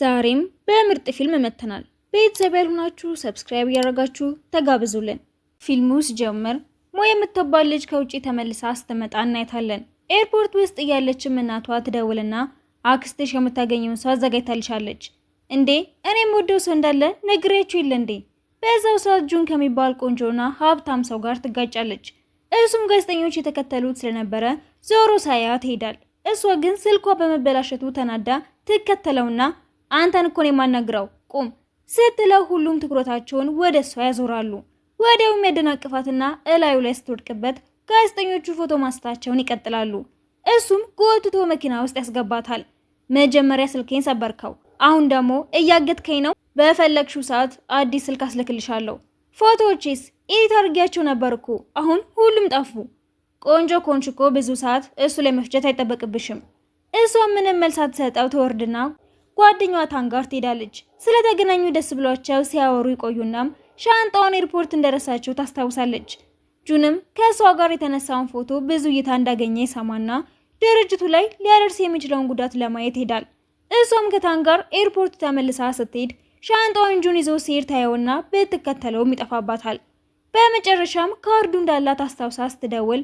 ዛሬም በምርጥ ፊልም መጥተናል። ቤተሰብ ያልሆናችሁ ሰብስክራይብ እያደረጋችሁ ተጋብዙልን። ፊልሙ ሲጀምር ሞ የምትባል ልጅ ከውጭ ተመልሳ ስትመጣ እናይታለን። ኤርፖርት ውስጥ እያለችም እናቷ ትደውልና አክስትሽ የምታገኘውን ሰው አዘጋጅታልሻለች። እንዴ እኔም ወደው ሰው እንዳለ ነግሬያችሁ የለ እንዴ? በዛው ሰዓት ጁን ከሚባል ቆንጆና ሀብታም ሰው ጋር ትጋጫለች። እሱም ጋዜጠኞች የተከተሉት ስለነበረ ዞሮ ሳያት ይሄዳል። እሷ ግን ስልኳ በመበላሸቱ ተናዳ ትከተለውና አንተን እኮ ነው የማናግረው ቁም ስትለው ሁሉም ትኩረታቸውን ወደ እሷ ያዞራሉ። ወዲያው የሚያደናቅፋትና እላዩ ላይ ስትወድቅበት ጋዜጠኞቹ ፎቶ ማንሳታቸውን ይቀጥላሉ። እሱም ጎትቶ መኪና ውስጥ ያስገባታል። መጀመሪያ ስልኬን ሰበርከው፣ አሁን ደግሞ እያገትከኝ ነው። በፈለግሽው ሰዓት አዲስ ስልክ አስልክልሻለሁ። ፎቶዎቼስ ኢዲት አድርጌያቸው ነበር እኮ አሁን ሁሉም ጠፉ። ቆንጆ ኮንች እኮ ብዙ ሰዓት እሱ ላይ መፍጀት አይጠበቅብሽም። እሷ ምንም መልስ ሳትሰጠው ትወርድና ጓደኛዋ ታንጋር ትሄዳለች። ስለተገናኙ ደስ ብሏቸው ሲያወሩ ይቆዩናም ሻንጣውን ኤርፖርት እንደረሳቸው ታስታውሳለች። ጁንም ከእሷ ጋር የተነሳውን ፎቶ ብዙ እይታ እንዳገኘ ይሰማና ድርጅቱ ላይ ሊያደርስ የሚችለውን ጉዳት ለማየት ይሄዳል። እሷም ከታንጋር ኤርፖርት ተመልሳ ስትሄድ ሻንጣውን ጁን ይዞ ሲሄድ ታየውና ብትከተለውም ይጠፋባታል። በመጨረሻም ካርዱ እንዳላት አስታውሳ ስትደውል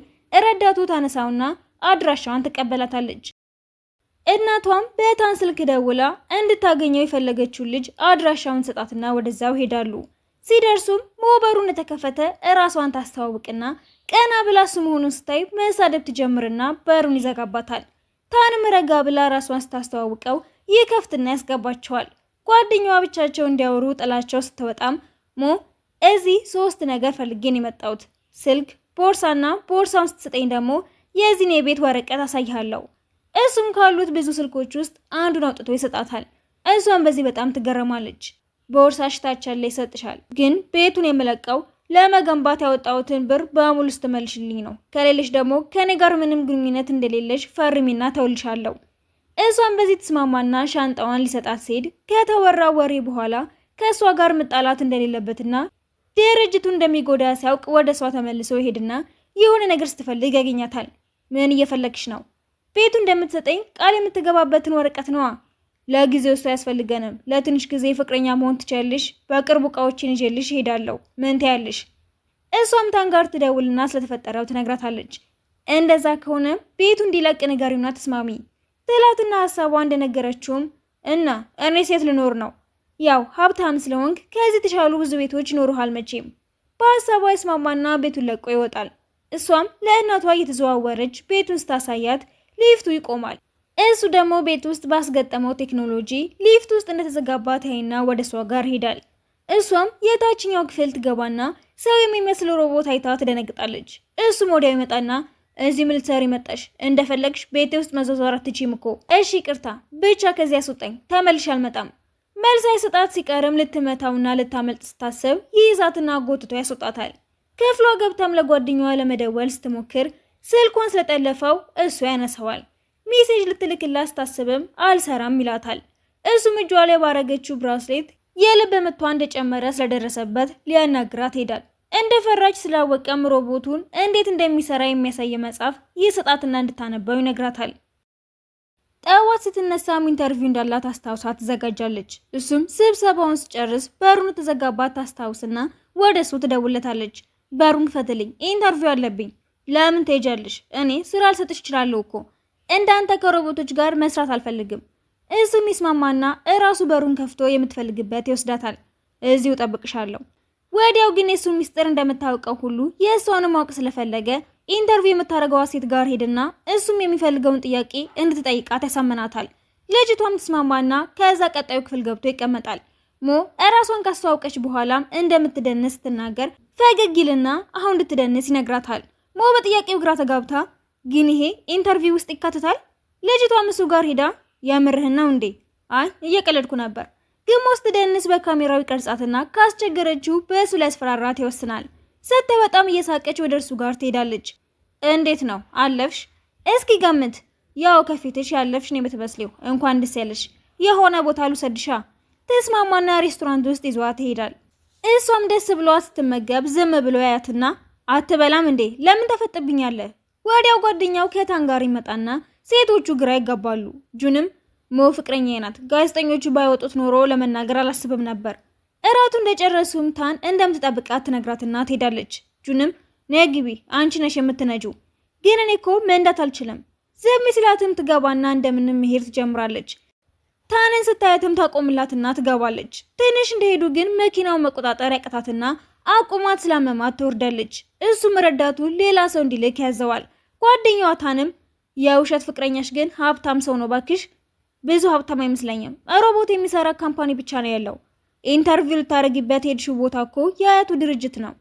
ረዳቱ ታነሳውና አድራሻዋን ትቀበላታለች። እናቷም በታን ስልክ ደውላ እንድታገኘው የፈለገችውን ልጅ አድራሻውን ሰጣትና ወደዛው ሄዳሉ። ሲደርሱም ሞበሩ እንደተከፈተ እራሷን ታስተዋውቅና ቀና ብላ እሱ መሆኑን ስታይ መሳደብ ትጀምርና በሩን ይዘጋባታል። ታንም ረጋ ብላ ራሷን ስታስተዋውቀው ይከፍትና ያስገባቸዋል። ጓደኛዋ ብቻቸው እንዲያወሩ ጥላቸው ስትወጣም ሞ እዚህ ሶስት ነገር ፈልጌን የመጣሁት ስልክ፣ ቦርሳና ቦርሳውን ስትሰጠኝ ደግሞ የዚህን የቤት ወረቀት አሳይሃለሁ እሱም ካሉት ብዙ ስልኮች ውስጥ አንዱን አውጥቶ ይሰጣታል። እሷም በዚህ በጣም ትገረማለች። በቦርሳሽ ታቻለ ይሰጥሻል፣ ግን ቤቱን የምለቀው ለመገንባት ያወጣሁትን ብር በሙሉ ስትመልሽልኝ ነው። ከሌለሽ ደግሞ ከኔ ጋር ምንም ግንኙነት እንደሌለሽ ፈርሚና ተውልሻለሁ። እሷም በዚህ ትስማማና ሻንጣዋን ሊሰጣት ሲሄድ ከተወራ ወሬ በኋላ ከእሷ ጋር መጣላት እንደሌለበትና ድርጅቱ እንደሚጎዳ ሲያውቅ ወደ እሷ ተመልሶ ይሄድና የሆነ ነገር ስትፈልግ ያገኛታል። ምን እየፈለግሽ ነው? ቤቱ እንደምትሰጠኝ ቃል የምትገባበትን ወረቀት ነዋ። ለጊዜው እሱ አያስፈልገንም። ለትንሽ ጊዜ ፍቅረኛ መሆን ትችያለሽ። በቅርቡ እቃዎችን ይዤልሽ እሄዳለሁ። ምን ትያለሽ? እሷም ታንጋር ትደውልና ስለተፈጠረው ትነግራታለች። እንደዛ ከሆነ ቤቱ እንዲለቅ ንገሪውና ተስማሚ ትላትና ሀሳቧ እንደነገረችውም እና እኔ ሴት ልኖር ነው ያው ሀብታም ስለሆንክ ከዚህ የተሻሉ ብዙ ቤቶች ይኖሩሃል መቼም። በሀሳቧ ይስማማና ቤቱን ለቆ ይወጣል። እሷም ለእናቷ እየተዘዋወረች ቤቱን ስታሳያት ሊፍቱ ይቆማል። እሱ ደግሞ ቤት ውስጥ ባስገጠመው ቴክኖሎጂ ሊፍት ውስጥ እንደተዘጋባ ያይና ወደ እሷ ጋር ሄዳል። እሷም የታችኛው ክፍል ትገባና ሰው የሚመስል ሮቦት አይታ ትደነግጣለች። እሱም ወዲያው ይመጣና እዚህ ምን ልትሰሪ መጣሽ? እንደፈለግሽ ቤቴ ውስጥ መዘዋወር አትችይም እኮ። እሺ ቅርታ ብቻ ከዚህ ያስወጣኝ፣ ተመልሽ አልመጣም። መልስ አይሰጣት ሲቀርም ልትመታውና ልታመልጥ ስታሰብ ይይዛትና ጎትቶ ያስወጣታል። ክፍሏ ገብታም ለጓደኛዋ ለመደወል ስትሞክር ስልኩን ስለጠለፈው እሱ ያነሰዋል። ሜሴጅ ልትልክላ ስታስብም አልሰራም ይላታል። እሱም እጇ ላይ ባረገችው ብራስሌት የልብ ምቷ እንደጨመረ ስለደረሰበት ሊያናግራት ሄዳል። እንደ ስላወቀም ሮቦቱን እንዴት እንደሚሰራ የሚያሳይ መጽሐፍ ይሰጣትና እንድታነባው ይነግራታል። ጠዋት ስትነሳም ኢንተርቪው እንዳላት አስታውሳ ትዘጋጃለች። እሱም ስብሰባውን ስጨርስ በሩን ተዘጋባት ታስታውስና ወደ እሱ ትደውለታለች። በሩን ፈትልኝ፣ ኢንተርቪው አለብኝ ለምን ትሄጃለሽ? እኔ ስራ አልሰጥሽ እችላለሁ እኮ እንዳንተ ከሮቦቶች ጋር መስራት አልፈልግም። እሱ ይስማማና እራሱ በሩን ከፍቶ የምትፈልግበት ይወስዳታል። እዚሁ ጠብቅሻለሁ። ወዲያው ግን የእሱን ሚስጥር እንደምታውቀው ሁሉ የእሷን ማወቅ ስለፈለገ ኢንተርቪው የምታደርገዋ ሴት ጋር ሄድና እሱም የሚፈልገውን ጥያቄ እንድትጠይቃት ያሳምናታል። ልጅቷም ትስማማና ከዛ ቀጣዩ ክፍል ገብቶ ይቀመጣል። ሞ እራሷን ካስተዋወቀች በኋላም እንደምትደንስ ስትናገር ፈገግ ይልና አሁን እንድትደንስ ይነግራታል። ሞ በጥያቄው ግራ ተጋብታ፣ ግን ይሄ ኢንተርቪው ውስጥ ይካትታል? ልጅቷ ምሱ ጋር ሄዳ የምርህን እንዴ? አይ እየቀለድኩ ነበር። ግሞስ ደንስ በካሜራዊ ቀርጻትና ካስቸገረችው በእሱ ላይ ይወስናል። ሰተ በጣም እየሳቀች ወደ እርሱ ጋር ትሄዳለች። እንዴት ነው አለፍሽ? እስኪ ገምት። ያው ከፊትሽ ያለፍሽ ነው የምትመስለው። እንኳን ደስ ያለሽ። የሆነ ቦታ ልውሰድሻ። ተስማማና ሬስቶራንት ውስጥ ይዟት ይሄዳል። እሷም ደስ ብሏት ስትመገብ ዝም ብሎ ያያትና አትበላም እንዴ? ለምን ተፈጥብኛለህ? ወዲያው ጓደኛው ከታን ጋር ይመጣና ሴቶቹ ግራ ይጋባሉ። ጁንም ሞ ፍቅረኛ ናት፣ ጋዜጠኞቹ ባይወጡት ኖሮ ለመናገር አላስብም ነበር። እራቱ እንደጨረሱም ታን እንደምትጠብቃት ትነግራትና ትሄዳለች። ጁንም ነግቢ አንቺ ነሽ የምትነጂው፣ ግን እኔ እኮ መንዳት አልችልም። ዝም ሲላትም ትገባና እንደምንም መሄድ ትጀምራለች። ታንን ስታያትም ታቆምላትና ትገባለች። ትንሽ እንደሄዱ ግን መኪናው መቆጣጠር ያቀታትና። አቁማት ስላመማት ትወርዳለች። እሱም ረዳቱ ሌላ ሰው እንዲልክ ያዘዋል። ጓደኛዋ ታንም የውሸት ፍቅረኛሽ ግን ሀብታም ሰው ነው ባክሽ፣ ብዙ ሀብታም አይመስለኝም። ሮቦት የሚሰራ ካምፓኒ ብቻ ነው ያለው። ኢንተርቪው ልታደርጊበት ሄድሽው ቦታ እኮ የአያቱ ድርጅት ነው።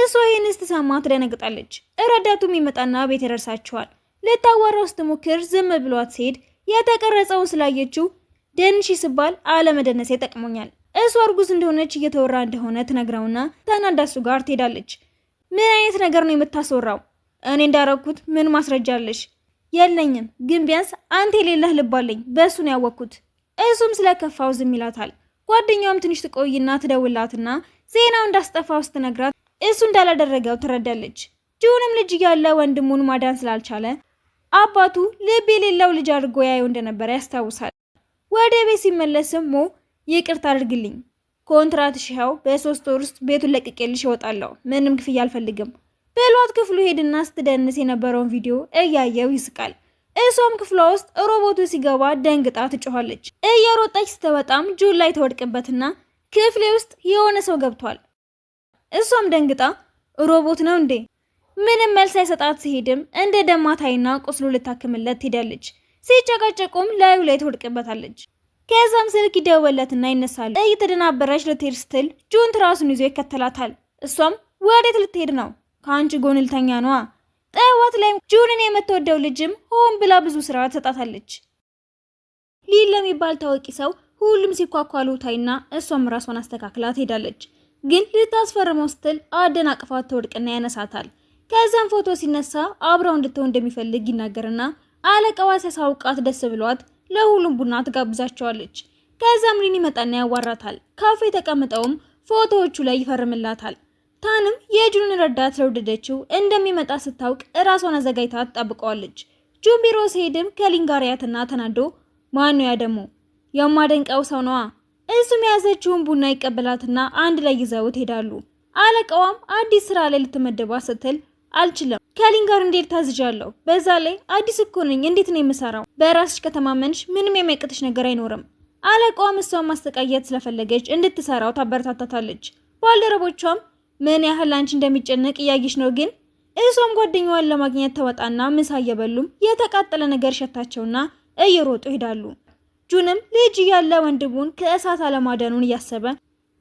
እሷ ይህን ስትሰማ ትደነግጣለች። ረዳቱም ይመጣና ቤት ይደርሳቸዋል። ልታዋራው ስትሞክር ዝም ብሏት ሲሄድ የተቀረጸውን ስላየችው ደንሺ ስባል አለመደነሴ ይጠቅሞኛል እሱ እርጉዝ እንደሆነች እየተወራ እንደሆነ ትነግረውና ተናዳሱ ጋር ትሄዳለች። ምን አይነት ነገር ነው የምታስወራው? እኔ እንዳረኩት ምን ማስረጃ አለሽ? የለኝም፣ ግን ቢያንስ አንተ የሌለህ ልባለኝ በእሱ ነው ያወቅኩት። እሱም ስለከፋው ዝም ይላታል። ጓደኛውም ትንሽ ትቆይና ትደውላትና ዜናው እንዳስጠፋው ስትነግራት እሱ እንዳላደረገው ትረዳለች። ጂሁንም ልጅ እያለ ወንድሙን ማዳን ስላልቻለ አባቱ ልብ የሌለው ልጅ አድርጎ ያየው እንደነበረ ያስታውሳል። ወደ ቤት ሲመለስም ሞ ይቅርታ አድርግልኝ። ኮንትራትሽ ይኸው በሶስት ወር ውስጥ ቤቱን ለቅቄልሽ እወጣለሁ። ምንም ክፍያ አልፈልግም በሏት። ክፍሉ ሄድና ስትደንስ የነበረውን ቪዲዮ እያየው ይስቃል። እሷም ክፍሏ ውስጥ ሮቦቱ ሲገባ ደንግጣ ትጮኋለች። እየሮጠች ስትወጣም ጁል ላይ ተወድቅበትና ክፍሌ ውስጥ የሆነ ሰው ገብቷል። እሷም ደንግጣ ሮቦት ነው እንዴ? ምንም መልስ አይሰጣት። ሲሄድም እንደ ደማታይና ቁስሉ ልታክምለት ትሄዳለች። ሲጨቀጨቁም ላዩ ላይ ትወድቅበታለች። ከዛም ስልክ ይደወለትና ይነሳል። እየተደናበረች ልትሄድ ስትል ጁን ትራሱን ይዞ ይከተላታል። እሷም ወዴት ልትሄድ ነው? ከአንቺ ጎን ልተኛ ነዋ። ጠዋት ላይም ጁንን የምትወደው ልጅም ሆን ብላ ብዙ ስራ ትሰጣታለች። ሊል ለሚባል ታዋቂ ሰው ሁሉም ሲኳኳሉ ታይና እሷም ራሷን አስተካክላ ትሄዳለች። ግን ልታስፈርመው ስትል አደናቅፋት ትወድቅና ያነሳታል። ከዛም ፎቶ ሲነሳ አብረው እንድትሆን እንደሚፈልግ ይናገርና አለቃዋ ሲያሳውቃት ደስ ብሏት ለሁሉም ቡና ትጋብዛቸዋለች። ከዛም ሊን ይመጣና ያዋራታል። ካፌ ተቀምጠውም ፎቶዎቹ ላይ ይፈርምላታል። ታንም የጁን ረዳት ለወደደችው እንደሚመጣ ስታውቅ እራሷን አዘጋጅታ ትጠብቀዋለች። ጁን ቢሮ ሲሄድም ከሊን ጋር ያትና ተናዶ ማን ነው ያ የማደንቀው ሰው ነዋ። እሱም የያዘችውን ቡና ይቀበላትና አንድ ላይ ይዘውት ሄዳሉ። አለቃዋም አዲስ ስራ ላይ ልትመደባ ስትል አልችልም። ከሊን ጋር እንዴት ታዝዣለሁ? በዛ ላይ አዲስ እኮ ነኝ። እንዴት ነው የምሰራው? በራስሽ ከተማመንሽ ምንም የሚያቅትሽ ነገር አይኖርም። አለቃዋም እሷን ማስተቃየት ስለፈለገች እንድትሰራው ታበረታታታለች። ባልደረቦቿም ምን ያህል አንቺ እንደሚጨነቅ እያየሽ ነው ግን እሷም ጓደኛዋን ለማግኘት ተወጣና ምሳ እየበሉም የተቃጠለ ነገር ሸታቸውና እየሮጡ ይሄዳሉ። ጁንም ልጅ እያለ ወንድሙን ከእሳት አለማዳኑን እያሰበ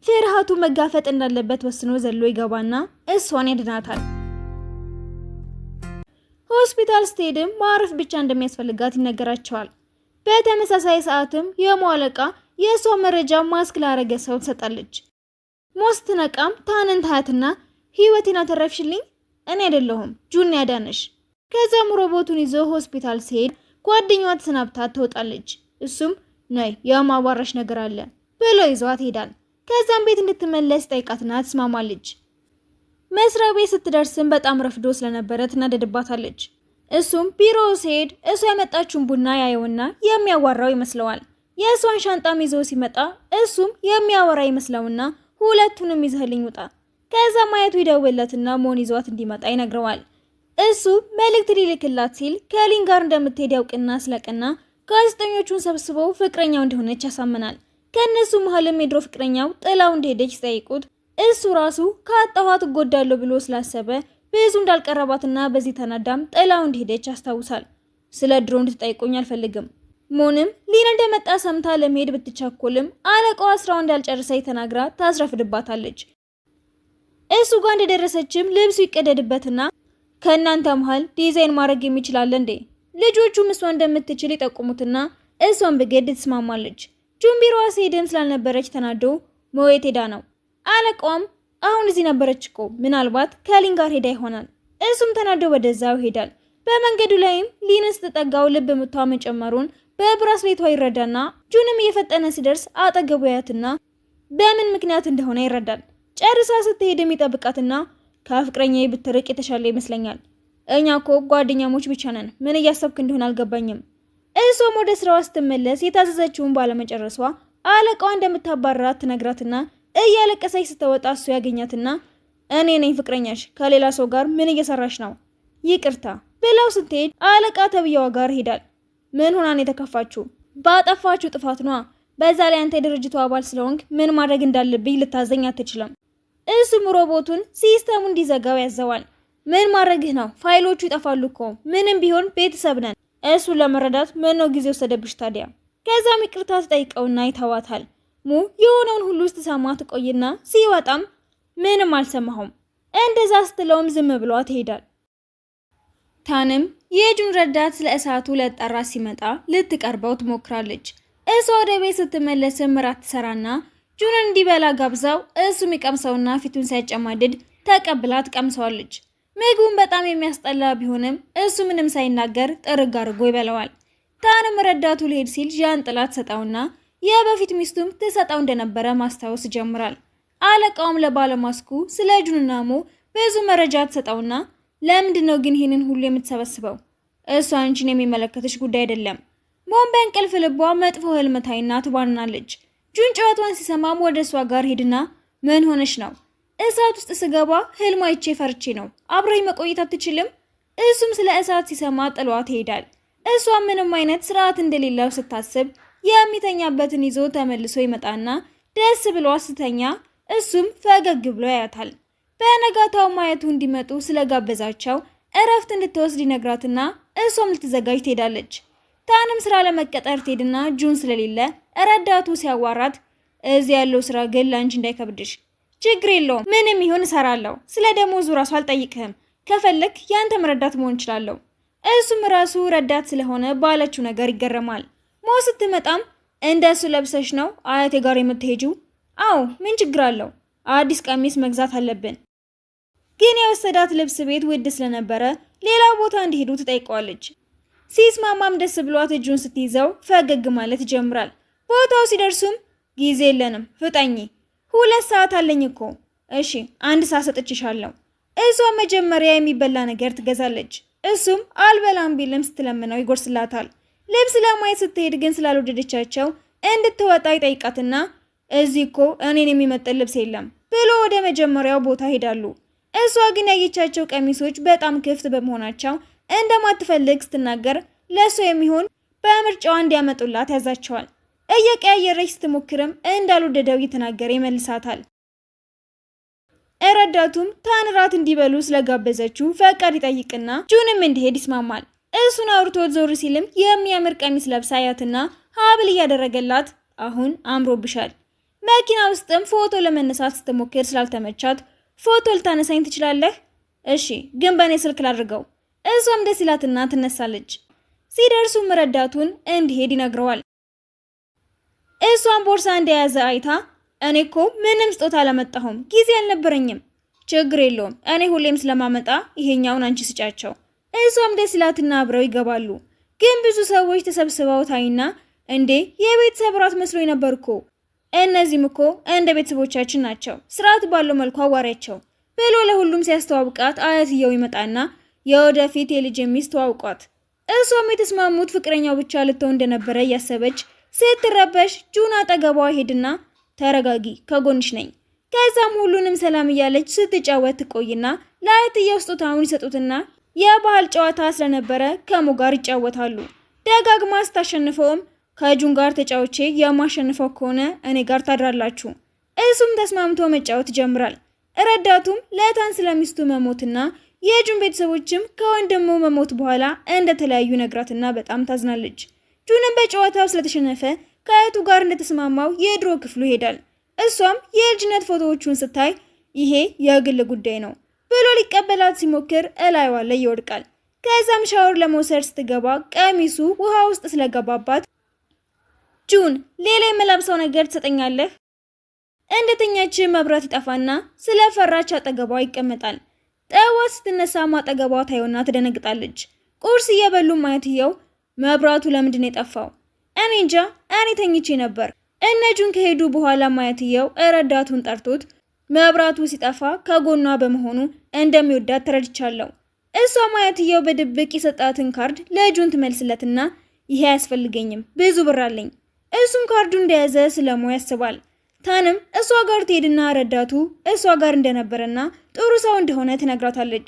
ፍርሃቱ መጋፈጥ እንዳለበት ወስኖ ዘሎ ይገባና እሷን ያድናታል። ሆስፒታል ስትሄድም ማረፍ ብቻ እንደሚያስፈልጋት ይነገራቸዋል። በተመሳሳይ ሰዓትም የሞ አለቃ የእሷ መረጃ ማስክ ላረገ ሰው ትሰጣለች። ሞስት ነቃም ታንንት ሀያትና ህይወቴን አተረፍሽልኝ እኔ አይደለሁም ጁን ያዳነሽ። ከዛም ሮቦቱን ይዞ ሆስፒታል ሲሄድ ጓደኛዋ ተሰናብታ ትወጣለች። እሱም ነይ የማዋራሽ ነገር አለ ብሎ ይዟት ይሄዳል። ከዛም ቤት እንድትመለስ ጠይቃትና ትስማማለች። መስሪያ ቤት ስትደርስም በጣም ረፍዶ ስለነበረ ትናደድባታለች። እሱም ቢሮ ሲሄድ እሷ ያመጣችውን ቡና ያየውና የሚያዋራው ይመስለዋል። የእሷን ሻንጣም ይዞ ሲመጣ እሱም የሚያወራ ይመስለውና ሁለቱንም ይዘህልኝ ውጣ። ከዛ ማየቱ ይደውለትና መሆን ይዟት እንዲመጣ ይነግረዋል። እሱ መልእክት ሊልክላት ሲል ከሊን ጋር እንደምትሄድ ያውቅና ስለቅና ጋዜጠኞቹን ሰብስበው ፍቅረኛው እንደሆነች ያሳምናል። ከእነሱ መሀልም የድሮ ፍቅረኛው ጥላው እንደሄደች ሲጠይቁት እሱ ራሱ ከአጣኋት እጎዳለሁ ብሎ ስላሰበ ብዙ እንዳልቀረባትና በዚህ ተናዳም ጥላው እንደሄደች ያስታውሳል። ስለ ድሮ እንድትጠይቁኝ አልፈልግም። ሞንም ሊን እንደመጣ ሰምታ ለመሄድ ብትቻኮልም አለቃዋ ስራው እንዳልጨርሰ ተናግራ ታስረፍድባታለች። እሱ ጋር እንደደረሰችም ልብሱ ይቀደድበትና ከእናንተ መሀል ዲዛይን ማድረግ የሚችላለ እንዴ? ልጆቹም እሷ እንደምትችል ይጠቁሙትና እሷን ብግድ ትስማማለች። ጁምቢሮዋ ሲሄድም ስላልነበረች ተናዶ መወየት ሄዳ ነው አለቃውም አሁን እዚህ ነበረች እኮ ምናልባት ከሊን ጋር ሄዳ ይሆናል። እሱም ተናዶ ወደዛው ይሄዳል። በመንገዱ ላይም ሊን ስትጠጋው ልብ ምቷ መጨመሩን በብራስሌቷ ይረዳና ጁንም እየፈጠነ ሲደርስ አጠገቡ ያትና በምን ምክንያት እንደሆነ ይረዳል። ጨርሳ ስትሄድም የሚጠብቃትና ከፍቅረኛ ብትርቅ የተሻለ ይመስለኛል። እኛ እኮ ጓደኛሞች ብቻ ነን። ምን እያሰብክ እንደሆነ አልገባኝም። እሷም ወደ ስራዋ ስትመለስ የታዘዘችውን ባለመጨረሷ አለቃዋ እንደምታባራት ትነግራትና እያለቀሰች ስትወጣ እሱ ያገኛትና እኔ ነኝ ፍቅረኛሽ፣ ከሌላ ሰው ጋር ምን እየሰራሽ ነው? ይቅርታ ብለው ስትሄድ አለቃ ተብዬዋ ጋር ሄዳል። ምን ሆናን የተከፋችሁ? ባጠፋችሁ ጥፋት ኗ። በዛ ላይ አንተ የድርጅቱ አባል ስለሆንክ ምን ማድረግ እንዳለብኝ ልታዘኝ አትችልም። እሱም ሮቦቱን ሲስተሙ እንዲዘጋው ያዘዋል። ምን ማድረግህ ነው? ፋይሎቹ ይጠፋሉ እኮ ምንም ቢሆን ቤተሰብ ነን። እሱን ለመረዳት ምን ነው ጊዜ ወሰደብሽ ታዲያ? ከዛም ይቅርታ ትጠይቀውና ይተዋታል። ሙ የሆነውን ሁሉ ስትሰማ ትቆይና ሲወጣም ምንም አልሰማሁም እንደዛ ስትለውም ዝም ብሏ ትሄዳል። ታንም የእጁን ረዳት ስለ እሳቱ ለጠራ ሲመጣ ልትቀርበው ትሞክራለች። እሷ ወደ ቤት ስትመለስም እራት ትሰራና ጁንን እንዲበላ ጋብዛው እሱም ይቀምሰውና ፊቱን ሳይጨማድድ ተቀብላ ትቀምሰዋለች። ምግቡን በጣም የሚያስጠላ ቢሆንም እሱ ምንም ሳይናገር ጥርግ አድርጎ ይበለዋል። ታንም ረዳቱ ሊሄድ ሲል ዣንጥላ ትሰጠውና የበፊት ሚስቱም ትሰጠው እንደነበረ ማስታወስ ይጀምራል። አለቃውም ለባለማስኩ ስለ ጁንናሞ ብዙ መረጃ ትሰጠውና ለምንድን ነው ግን ይህንን ሁሉ የምትሰበስበው? እሱ አንቺን የሚመለከትሽ ጉዳይ አይደለም። ሞን በእንቅልፍ ልቧ መጥፎ ህልም ታይና ትባንናለች። ጁን ሲሰማም ወደ እሷ ጋር ሄድና ምን ሆነሽ ነው? እሳት ውስጥ ስገባ ህልም አይቼ ፈርቼ ነው። አብረኝ መቆየት አትችልም? እሱም ስለ እሳት ሲሰማ ጥሏት ይሄዳል። እሷ ምንም አይነት ስርዓት እንደሌለው ስታስብ የሚተኛበትን ይዞ ተመልሶ ይመጣና ደስ ብሎ አስተኛ እሱም ፈገግ ብሎ ያያታል። በነጋታው ማየቱ እንዲመጡ ስለጋበዛቸው እረፍት እንድትወስድ ይነግራትና እሷም ልትዘጋጅ ትሄዳለች። ታንም ስራ ለመቀጠር ትሄድና ጁን ስለሌለ ረዳቱ ሲያዋራት እዚህ ያለው ስራ ግን ለአንች እንዳይከብድሽ፣ ችግር የለውም ምንም ይሁን እሰራለሁ። ስለ ደሞዙ ራሱ አልጠይቅህም። ከፈለክ ያንተም ረዳት መሆን እችላለሁ። እሱም ራሱ ረዳት ስለሆነ ባለችው ነገር ይገረማል። ሞ ስትመጣም እንደሱ ለብሰሽ ነው አያቴ ጋር የምትሄጂው? አዎ ምን ችግር አለው? አዲስ ቀሚስ መግዛት አለብን። ግን የወሰዳት ልብስ ቤት ውድ ስለነበረ ሌላ ቦታ እንዲሄዱ ትጠይቀዋለች። ሲስማማም ደስ ብሏት እጁን ስትይዘው ፈገግ ማለት ይጀምራል። ቦታው ሲደርሱም ጊዜ የለንም ፍጠኝ ሁለት ሰዓት አለኝ እኮ። እሺ አንድ ሰዓት አለው። እሷ መጀመሪያ የሚበላ ነገር ትገዛለች። እሱም አልበላም ቢልም ስትለምነው ይጎርስላታል። ልብስ ለማየት ስትሄድ ግን ስላልወደደቻቸው እንድትወጣ ይጠይቃትና እዚህ እኮ እኔን የሚመጥን ልብስ የለም ብሎ ወደ መጀመሪያው ቦታ ሄዳሉ። እሷ ግን ያየቻቸው ቀሚሶች በጣም ክፍት በመሆናቸው እንደማትፈልግ ስትናገር ለእሱ የሚሆን በምርጫዋ እንዲያመጡላት ያዛቸዋል። እየቀያየረች ስትሞክርም እንዳልወደደው እየተናገረ ይመልሳታል። ረዳቱም ታንራት እንዲበሉ ስለጋበዘችው ፈቃድ ይጠይቅና ጁንም እንዲሄድ ይስማማል። እሱን አውርቶት ዞር ሲልም የሚያምር ቀሚስ ለብሳ አያትና ሀብል እያደረገላት አሁን አምሮብሻል። መኪና ውስጥም ፎቶ ለመነሳት ስትሞክር ስላልተመቻት ፎቶ ልታነሳኝ ትችላለህ? እሺ ግን በእኔ ስልክ ላድርገው። እሷም ደስ ይላትና ትነሳለች። ሲደርሱም ረዳቱን እንዲሄድ ይነግረዋል። እሷም ቦርሳ እንደያዘ አይታ እኔ እኮ ምንም ስጦታ አላመጣሁም ጊዜ አልነበረኝም። ችግር የለውም እኔ ሁሌም ስለማመጣ ይሄኛውን አንቺ ስጫቸው እሷም ደስ ይላትና አብረው ይገባሉ። ግን ብዙ ሰዎች ተሰብስበው ታይና እንዴ የቤተሰብ እራት መስሎ ነበር እኮ እነዚህም እኮ እንደ ቤተሰቦቻችን ናቸው፣ ስርዓት ባለው መልኩ አዋሪያቸው ብሎ ለሁሉም ሲያስተዋውቃት አያትየው ይመጣና የወደፊት የልጅ ሚስት ተዋውቋት። እሷም የተስማሙት ፍቅረኛው ብቻ ልተው እንደነበረ እያሰበች ስትረበሽ ጁን አጠገቧ ሄድና ተረጋጊ፣ ከጎንሽ ነኝ። ከዛም ሁሉንም ሰላም እያለች ስትጫወት ትቆይና ለአያትየው ስጦታውን ይሰጡትና የባህል ጨዋታ ስለነበረ ከሙ ጋር ይጫወታሉ። ደጋግማ ስታሸንፈውም ከጁን ጋር ተጫውቼ የማሸንፈው ከሆነ እኔ ጋር ታድራላችሁ። እሱም ተስማምቶ መጫወት ይጀምራል። ረዳቱም ለታን ስለሚስቱ መሞትና የጁን ቤተሰቦችም ከወንድሙ መሞት በኋላ እንደተለያዩ ነግራትና በጣም ታዝናለች። ጁንም በጨዋታው ስለተሸነፈ ከእህቱ ጋር እንደተስማማው የድሮ ክፍሉ ይሄዳል። እሷም የልጅነት ፎቶዎቹን ስታይ ይሄ የግል ጉዳይ ነው ብሎ ሊቀበላት ሲሞክር እላይዋ ላይ ይወድቃል። ከዛም ሻወር ለመውሰድ ስትገባ ቀሚሱ ውሃ ውስጥ ስለገባባት ጁን ሌላ የምለብሰው ነገር ትሰጠኛለህ? እንደተኛች መብራት ይጠፋና ስለፈራች አጠገቧ ይቀመጣል። ጠዋት ስትነሳም አጠገቧ ታየውና ትደነግጣለች። ቁርስ እየበሉ ማየትየው መብራቱ ለምንድን የጠፋው? እኔ እንጃ፣ እኔ ተኝቼ ነበር። እነ ጁን ከሄዱ በኋላ ማየትየው ረዳቱን ጠርቶት መብራቱ ሲጠፋ ከጎኗ በመሆኑ እንደሚወዳት ተረድቻለሁ። እሷ ማየትየው በድብቅ የሰጣትን ካርድ ለጁን ትመልስለትና ይሄ አያስፈልገኝም ብዙ ብር አለኝ። እሱም ካርዱ እንደያዘ ስለሞ ያስባል። ታንም እሷ ጋር ትሄድና ረዳቱ እሷ ጋር እንደነበረና ጥሩ ሰው እንደሆነ ትነግራታለች።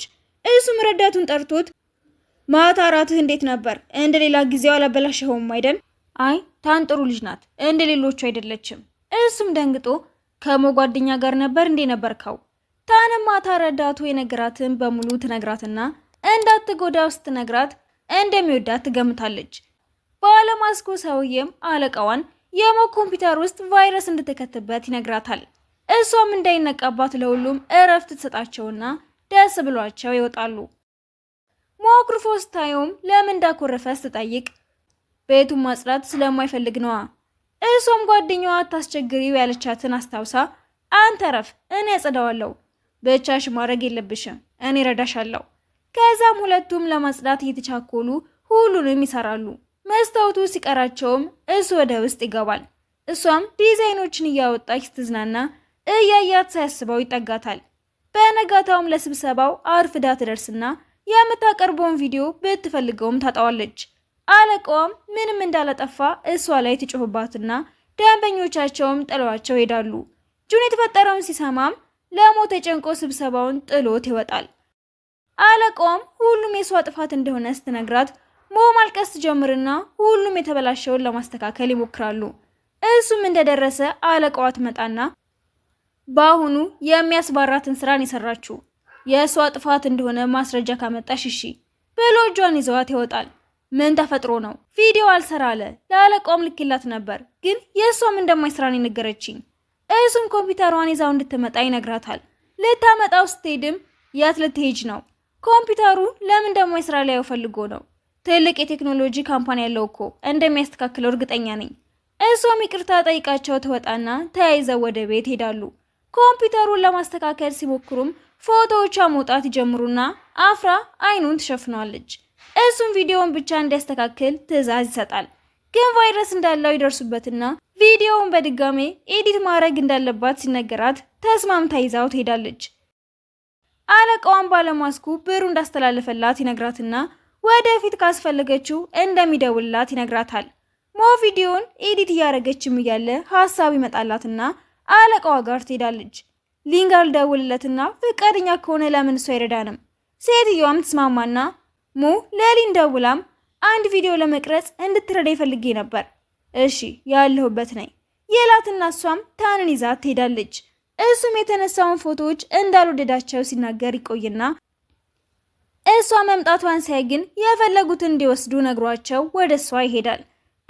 እሱም ረዳቱን ጠርቶት ማታ እራትህ እንዴት ነበር? እንደ ሌላ ጊዜው አላበላሸኸውም አይደል? አይ ታን ጥሩ ልጅ ናት፣ እንደ ሌሎቹ አይደለችም። እሱም ደንግጦ ከሞ ጓደኛ ጋር ነበር እንዴ ነበርከው? ታንማ ታረዳቱ የነገራትን በሙሉ ትነግራትና ውስጥ ስትነግራት እንደሚወዳት ትገምታለች። በአለማስኮ ሰውዬም አለቃዋን የሞ ኮምፒውተር ውስጥ ቫይረስ እንደተከተበት ይነግራታል። እሷም እንዳይነቃባት ለሁሉም እረፍት ትሰጣቸውና ደስ ብሏቸው ይወጣሉ። ሞክርፎ ስታየውም ለምን እንዳኮረፈ ስትጠይቅ ቤቱን ማጽዳት ስለማይፈልግ ነዋ እሷም ጓደኛዋ አታስቸግሪው ያለቻትን አስታውሳ አንተ ረፍ እኔ ያጸዳዋለሁ፣ ብቻሽ ማድረግ የለብሽም እኔ ረዳሻለሁ። ከዛም ሁለቱም ለማጽዳት እየተቻኮሉ ሁሉንም ይሰራሉ። መስታወቱ ሲቀራቸውም እሱ ወደ ውስጥ ይገባል። እሷም ዲዛይኖችን እያወጣች ስትዝናና እያያት ሳያስበው ይጠጋታል። በነጋታውም ለስብሰባው አርፍዳ ትደርስና የምታቀርበውን ቪዲዮ ብትፈልገውም ታጣዋለች። አለቃዋም ምንም እንዳላጠፋ እሷ ላይ ትጮህባትና ደንበኞቻቸውም ጥለዋቸው ይሄዳሉ። ጁን የተፈጠረውን ሲሰማም ለሞት ተጨንቆ ስብሰባውን ጥሎት ይወጣል። አለቃዋም ሁሉም የእሷ ጥፋት እንደሆነ ስትነግራት ሞ ማልቀስ ጀምርና ሁሉም የተበላሸውን ለማስተካከል ይሞክራሉ። እሱም እንደደረሰ አለቃዋ ትመጣና በአሁኑ የሚያስባራትን ስራን የሰራችው የእሷ ጥፋት እንደሆነ ማስረጃ ካመጣሽ እሺ ብሎ እጇን ይዘዋት ይወጣል። ምን ተፈጥሮ ነው? ቪዲዮ አልሰራ አለ። ለአለቃውም ልክላት ነበር፣ ግን የእሷም እንደማይስራን ነው የነገረችኝ። እሱም ኮምፒውተሯን ይዛው እንድትመጣ ይነግራታል። ልታመጣው ስትሄድም ያት ልትሄጅ ነው? ኮምፒውተሩ ለምን እንደማይሰራ ሊያየው ፈልጎ ነው። ትልቅ የቴክኖሎጂ ካምፓኒ ያለው እኮ እንደሚያስተካክለው እርግጠኛ ነኝ። እሷም ይቅርታ ጠይቃቸው ትወጣና ተያይዘው ወደ ቤት ሄዳሉ። ኮምፒውተሩን ለማስተካከል ሲሞክሩም ፎቶዎቿ መውጣት ይጀምሩና አፍራ አይኑን ትሸፍነዋለች። እሱም ቪዲዮውን ብቻ እንዲያስተካክል ትዕዛዝ ይሰጣል። ግን ቫይረስ እንዳለው ይደርሱበትና ቪዲዮውን በድጋሜ ኤዲት ማድረግ እንዳለባት ሲነገራት ተስማምታ ይዛው ትሄዳለች። አለቃዋን ባለማስኩ ብሩ እንዳስተላለፈላት ይነግራትና ወደፊት ካስፈለገችው እንደሚደውልላት ይነግራታል። ሞ ቪዲዮውን ኤዲት እያደረገችም እያለ ሀሳብ ይመጣላትና አለቃዋ ጋር ትሄዳለች። ሊንጋር ደውልለትና ፍቃደኛ ከሆነ ለምን እሱ አይረዳንም? ሴትየዋም ትስማማና ሙ ለሊን ደውላም አንድ ቪዲዮ ለመቅረጽ እንድትረዳ ይፈልጌ ነበር። እሺ ያለሁበት ነኝ የላትና እሷም ታንን ይዛ ትሄዳለች። እሱም የተነሳውን ፎቶዎች እንዳልወደዳቸው ሲናገር ይቆይና እሷ መምጣቷን ሳይ ግን የፈለጉትን እንዲወስዱ ነግሯቸው ወደ እሷ ይሄዳል።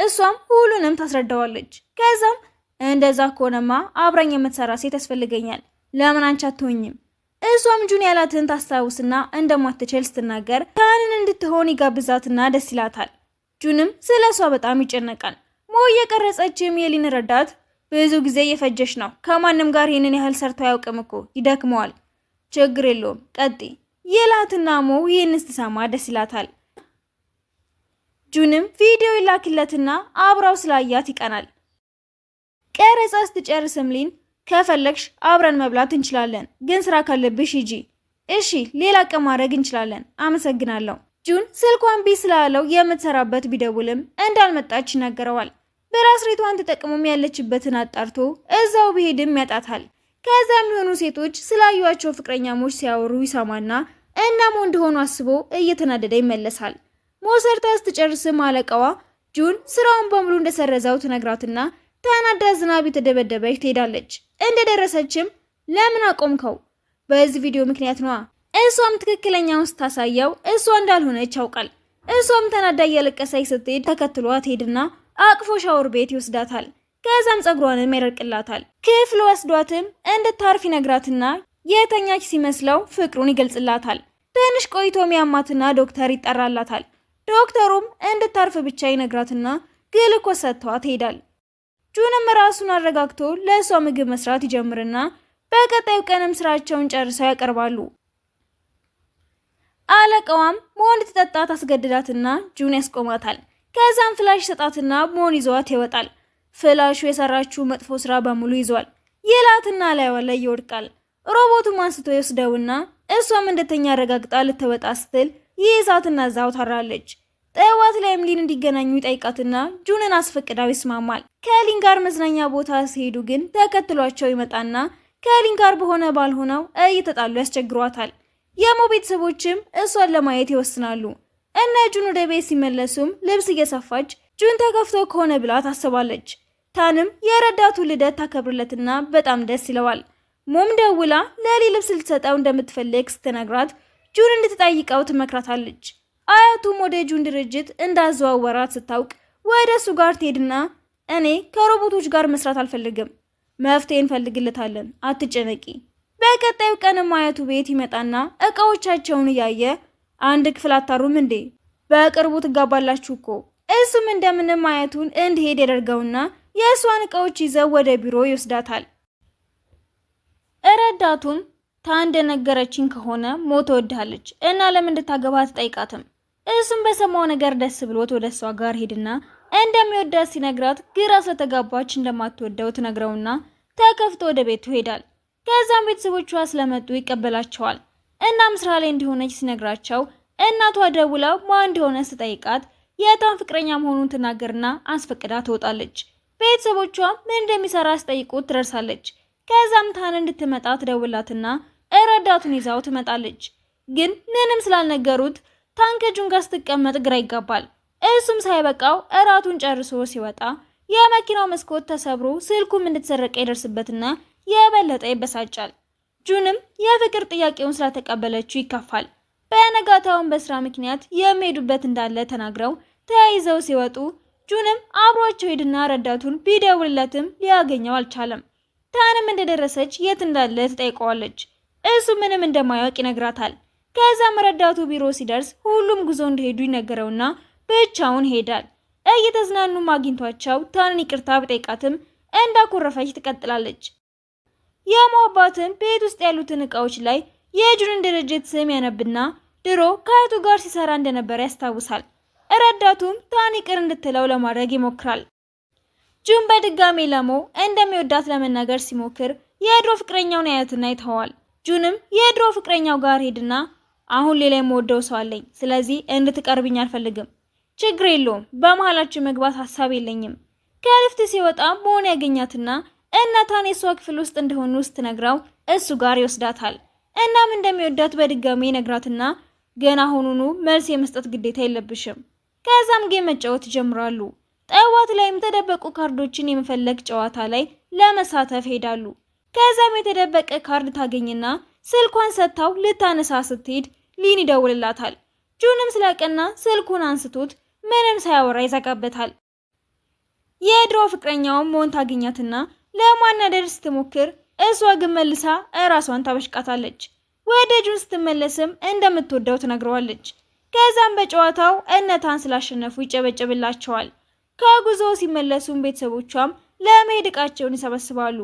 እሷም ሁሉንም ታስረዳዋለች። ከዛም እንደዛ ከሆነማ አብረኝ የምትሰራ ሴት ያስፈልገኛል፣ ለምን አንቺ አትሆኝም እሷም ጁን ያላትን ታስታውስና እንደማትችል ስትናገር ካህንን እንድትሆን ይጋብዛትና ደስ ይላታል። ጁንም ስለ እሷ በጣም ይጨነቃል። ሞ እየቀረጸችም የሊን ረዳት ብዙ ጊዜ እየፈጀሽ ነው። ከማንም ጋር ይህንን ያህል ሰርቶ አያውቅም እኮ ይደክመዋል። ችግር የለውም ቀጤ የላትና ሞ ይህን ስትሰማ ደስ ይላታል። ጁንም ቪዲዮ ይላክለትና አብራው ስላያት ይቀናል። ቀረጻ ስትጨርስም ሊን ከፈለግሽ አብረን መብላት እንችላለን፣ ግን ስራ ካለብሽ ሂጂ። እሺ፣ ሌላ ቀን ማድረግ እንችላለን። አመሰግናለሁ። ጁን ስልኳን ቢ ስላለው የምትሰራበት ቢደውልም እንዳልመጣች ይናገረዋል። በራስሬቷን ተጠቅሞም ያለችበትን አጣርቶ እዛው ብሄድም ያጣታል። ከዛም የሆኑ ሴቶች ስላዩቸው ፍቅረኛሞች ሲያወሩ ይሰማና እናም እንደሆኑ አስቦ እየተናደደ ይመለሳል። ሞሰርታ ስትጨርስም አለቃዋ ጁን ስራውን በሙሉ እንደሰረዛው ትነግራትና ተናዳ ዝናብ የተደበደበች ትሄዳለች። እንደደረሰችም ለምን አቆምከው? በዚህ ቪዲዮ ምክንያት ነዋ። እሷም ትክክለኛውን ስታሳየው እሷ እንዳልሆነች ያውቃል። እሷም ተናዳ እያለቀሰች ስትሄድ ተከትሏት ሄድና አቅፎ ሻወር ቤት ይወስዳታል። ከዛም ጸጉሯንም ያደርቅላታል። ክፍል ወስዷትም እንድታርፍ ይነግራትና የተኛች ሲመስለው ፍቅሩን ይገልጽላታል። ትንሽ ቆይቶ ያማትና ዶክተር ይጠራላታል። ዶክተሩም እንድታርፍ ብቻ ይነግራትና ግልኮ ሰጥቷት ይሄዳል። ጁንም ራሱን አረጋግቶ ለእሷ ምግብ መስራት ይጀምርና በቀጣዩ ቀንም ስራቸውን ጨርሰው ያቀርባሉ። አለቃዋም መሆን ልትጠጣ ታስገድዳትና ጁን ያስቆማታል። ከዛም ፍላሽ ሰጣትና መሆን ይዘዋት ይወጣል። ፍላሹ የሰራችው መጥፎ ስራ በሙሉ ይዟል። ይላትና ላይዋ ላይ ይወድቃል። ሮቦቱም አንስቶ ይወስደውና እሷም እንደተኛ አረጋግጣ ልትወጣ ስትል ይህ እሳትና እዛው ታራለች። ጠዋት ላይ ምሊን እንዲገናኙ ይጠይቃትና ጁንን አስፈቅዳው ይስማማል። ከሊን ጋር መዝናኛ ቦታ ሲሄዱ ግን ተከትሏቸው ይመጣና ከሊን ጋር በሆነ ባልሆነው እየተጣሉ ያስቸግሯታል። የሞ ቤተሰቦችም እሷን ለማየት ይወስናሉ። እነ ጁን ወደ ቤት ሲመለሱም ልብስ እየሰፋች ጁን ተከፍቶ ከሆነ ብላ ታስባለች። ታንም የረዳቱ ልደት ታከብርለትና በጣም ደስ ይለዋል። ሞም ደውላ ለሊ ልብስ ልትሰጠው እንደምትፈልግ ስትነግራት ጁን እንድትጠይቀው ትመክራታለች። አያቱም ወደ ጁን ድርጅት እንዳዘዋወራት ስታውቅ ወደ እሱ ጋር ትሄድና እኔ ከሮቦቶች ጋር መስራት አልፈልግም፣ መፍትሄ እንፈልግለታለን፣ አትጨነቂ። በቀጣዩ ቀንም አያቱ ቤት ይመጣና እቃዎቻቸውን እያየ አንድ ክፍል አታሩም እንዴ? በቅርቡ ትጋባላችሁ እኮ። እሱም እንደምንም አያቱን እንዲሄድ ያደርገውና የእሷን እቃዎች ይዘው ወደ ቢሮ ይወስዳታል። ረዳቱም ታ እንደነገረችኝ ከሆነ ሞት ወድሃለች እና ለምን እንድታገባ አትጠይቃትም እሱም በሰማው ነገር ደስ ብሎት ወደ እሷ ጋር ሄድና እንደሚወዳት ሲነግራት ግራ ስለተጋባች እንደማትወደው ትነግረውና ተከፍቶ ወደ ቤቱ ይሄዳል። ከዛም ቤተሰቦቿ ስለመጡ ይቀበላቸዋል። እናም ስራ ላይ እንደሆነች ሲነግራቸው እናቷ ደውላ ማን እንደሆነ ስጠይቃት የታን ፍቅረኛ መሆኑን ትናገርና አስፈቅዳ ትወጣለች። ቤተሰቦቿ ምን እንደሚሰራ ስጠይቁት ትደርሳለች። ከዛም ታን እንድትመጣ ትደውላትና እረዳቱን ይዛው ትመጣለች። ግን ምንም ስላልነገሩት ታንከጁን ጋር ስትቀመጥ ግራ ይጋባል። እሱም ሳይበቃው እራቱን ጨርሶ ሲወጣ የመኪናው መስኮት ተሰብሮ ስልኩም እንደተሰረቀ ይደርስበትና የበለጠ ይበሳጫል። ጁንም የፍቅር ጥያቄውን ስላተቀበለችው ይከፋል። በነጋታውን በስራ ምክንያት የሚሄዱበት እንዳለ ተናግረው ተያይዘው ሲወጡ ጁንም አብሯቸው ሄድና ረዳቱን ቢደውልለትም ሊያገኘው አልቻለም። ታንም እንደደረሰች የት እንዳለ ትጠይቀዋለች። እሱ ምንም እንደማያውቅ ይነግራታል። ከዛም ረዳቱ ቢሮ ሲደርስ ሁሉም ጉዞ እንደሄዱ ይነገረውና ብቻውን ሄዳል። እየተዝናኑ አግኝቷቸው ታንን ይቅርታ ብጠይቃትም እንዳኮረፈች ትቀጥላለች። የሞ አባትም ቤት ውስጥ ያሉትን እቃዎች ላይ የእጁንን ድርጅት ስም ያነብና ድሮ ከእህቱ ጋር ሲሰራ እንደነበረ ያስታውሳል። ረዳቱም ታን ይቅር እንድትለው ለማድረግ ይሞክራል። ጁን በድጋሜ ለሞ እንደሚወዳት ለመናገር ሲሞክር የድሮ ፍቅረኛውን አያትና ይተዋል። ጁንም የድሮ ፍቅረኛው ጋር ሄድና አሁን ሌላ የምወደው ሰው አለኝ። ስለዚህ እንድትቀርብኝ አልፈልግም። ችግር የለውም። በመሀላችን መግባት ሀሳብ የለኝም። ከልፍት ሲወጣ መሆን ያገኛትና እናታን የእሷ ክፍል ውስጥ እንደሆኑ ውስጥ ነግራው እሱ ጋር ይወስዳታል። እናም እንደሚወዳት በድጋሚ ነግራትና ገና አሁኑኑ መልስ የመስጠት ግዴታ የለብሽም። ከዛም ጌም መጫወት ይጀምራሉ። ጠዋት ላይም ተደበቁ ካርዶችን የመፈለግ ጨዋታ ላይ ለመሳተፍ ሄዳሉ። ከዛም የተደበቀ ካርድ ታገኝና ስልኳን ሰጥታው ልታነሳ ስትሄድ ሊን ይደውልላታል። ጁንም ስለቀና ስልኩን አንስቶት ምንም ሳያወራ ይዘጋበታል። የድሮ ፍቅረኛውም መሆን ታገኛትና ለማናደድ ስትሞክር እሷ ግን መልሳ እራሷን ታበሽቃታለች። ወደ ጁን ስትመለስም እንደምትወደው ትነግረዋለች። ከዛም በጨዋታው እነታን ስላሸነፉ ይጨበጨብላቸዋል። ከጉዞ ሲመለሱም ቤተሰቦቿም ለመሄድ እቃቸውን ይሰበስባሉ።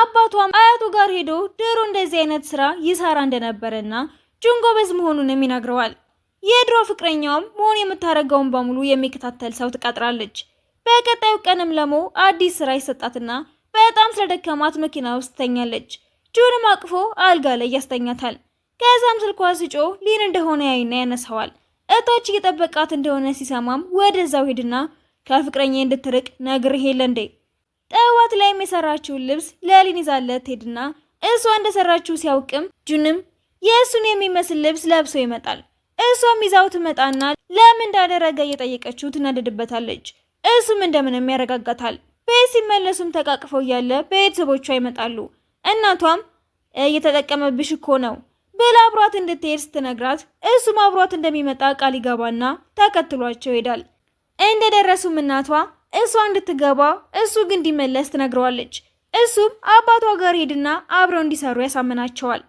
አባቷም አያቱ ጋር ሄዶ ድሮ እንደዚህ አይነት ስራ ይሰራ እንደነበረና ጁን ጎበዝ መሆኑንም ይነግረዋል። የድሮ ፍቅረኛውም መሆን የምታደርገውን በሙሉ የሚከታተል ሰው ትቀጥራለች። በቀጣዩ ቀንም ለሞ አዲስ ስራ ይሰጣትና በጣም ስለደከማት መኪና ውስጥ ትተኛለች። ጁንም አቅፎ አልጋ ላይ ያስተኛታል። ከዛም ስልኳ ስጮ ሊን እንደሆነ ያይና ያነሳዋል። እታች እየጠበቃት እንደሆነ ሲሰማም ወደዛው ሄድና ከፍቅረኛ እንድትርቅ ነግርህ የለ እንዴ ጠዋት ላይም የሰራችውን ልብስ ለሊን ይዛለት ሄድና እሷ እንደሰራችው ሲያውቅም ጁንም የእሱን የሚመስል ልብስ ለብሶ ይመጣል። እሷም ይዛው ትመጣና ለምን እንዳደረገ እየጠየቀችው ትናደድበታለች። እሱም እንደምንም ያረጋጋታል። ቤት ሲመለሱም ተቃቅፈው እያለ ቤተሰቦቿ ይመጣሉ። እናቷም እየተጠቀመብሽ እኮ ነው ብላ አብሯት እንድትሄድ ስትነግራት እሱም አብሯት እንደሚመጣ ቃል ይገባና ተከትሏቸው ይሄዳል። እንደደረሱም እናቷ እሷ እንድትገባ እሱ ግን እንዲመለስ ትነግረዋለች። እሱም አባቷ ጋር ሄድና አብረው እንዲሰሩ ያሳምናቸዋል።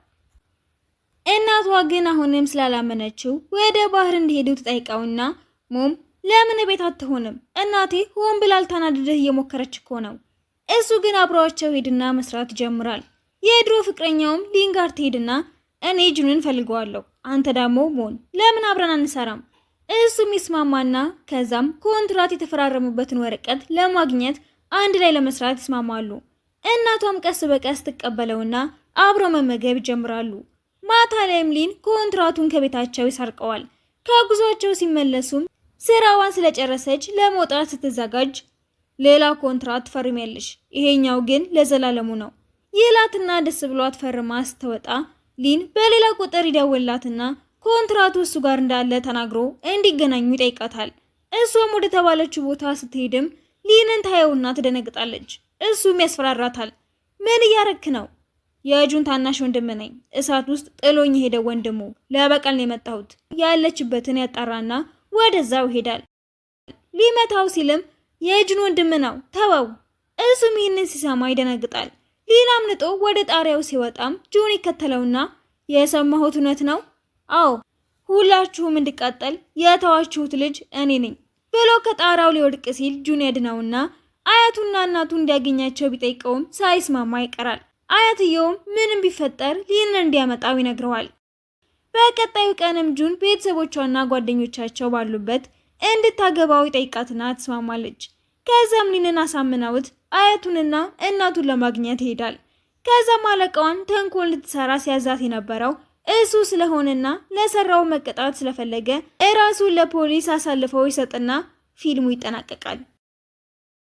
እናቷ ግን አሁንም ስላላመነችው ወደ ባህር እንዲሄዱ ትጠይቀውና ሞም ለምን ቤት አትሆንም? እናቴ ሆን ብላ ልታናድድህ እየሞከረች እኮ ነው። እሱ ግን አብረዋቸው ሄድና መስራት ይጀምራል። የድሮ ፍቅረኛውም ሊንጋር ትሄድና እኔ ጁንን ፈልገዋለሁ፣ አንተ ደግሞ ሞን ለምን አብረን አንሰራም እሱም ይስማማና ከዛም ኮንትራት የተፈራረሙበትን ወረቀት ለማግኘት አንድ ላይ ለመስራት ይስማማሉ። እናቷም ቀስ በቀስ ትቀበለውና አብረው መመገብ ይጀምራሉ። ማታ ላይም ሊን ኮንትራቱን ከቤታቸው ይሰርቀዋል። ከጉዟቸው ሲመለሱም ስራዋን ስለጨረሰች ለመውጣት ስትዘጋጅ ሌላ ኮንትራት ትፈርሚያለሽ፣ ይሄኛው ግን ለዘላለሙ ነው ይላትና ደስ ብሏት ፈርማ ስትወጣ ሊን በሌላ ቁጥር ይደውላትና ኮንትራቱ እሱ ጋር እንዳለ ተናግሮ እንዲገናኙ ይጠይቃታል። እሷም ወደ ተባለችው ቦታ ስትሄድም ሊንን ታየውና ትደነግጣለች። እሱም ያስፈራራታል። ምን እያረክ ነው? የእጁን ታናሽ ወንድም ነኝ። እሳት ውስጥ ጥሎኝ ሄደ ወንድሙ። ለበቀል ነው የመጣሁት። ያለችበትን ያጣራና ወደዛው ይሄዳል። ሊመታው ሲልም የእጁን ወንድም ነው ተወው። እሱም ይህንን ሲሰማ ይደነግጣል። ሊን ንጦ ወደ ጣሪያው ሲወጣም ጁን ይከተለውና የሰማሁት እውነት ነው አዎ ሁላችሁም እንድቃጠል የተዋችሁት ልጅ እኔ ነኝ ብሎ ከጣራው ሊወድቅ ሲል ጁን ያድነውና አያቱና እናቱ እንዲያገኛቸው ቢጠይቀውም ሳይስማማ ይቀራል። አያትየውም ምንም ቢፈጠር ይህንን እንዲያመጣው ይነግረዋል። በቀጣዩ ቀንም ጁን ቤተሰቦቿና ጓደኞቻቸው ባሉበት እንድታገባው ይጠይቃትና ትስማማለች። ከዛም ሊንን አሳምናውት አያቱንና እናቱን ለማግኘት ይሄዳል። ከዛም አለቃዋን ተንኮል ልትሰራ ሲያዛት የነበረው እሱ ስለሆነና ለሰራው መቀጣት ስለፈለገ እራሱን ለፖሊስ አሳልፈው ይሰጥና ፊልሙ ይጠናቀቃል።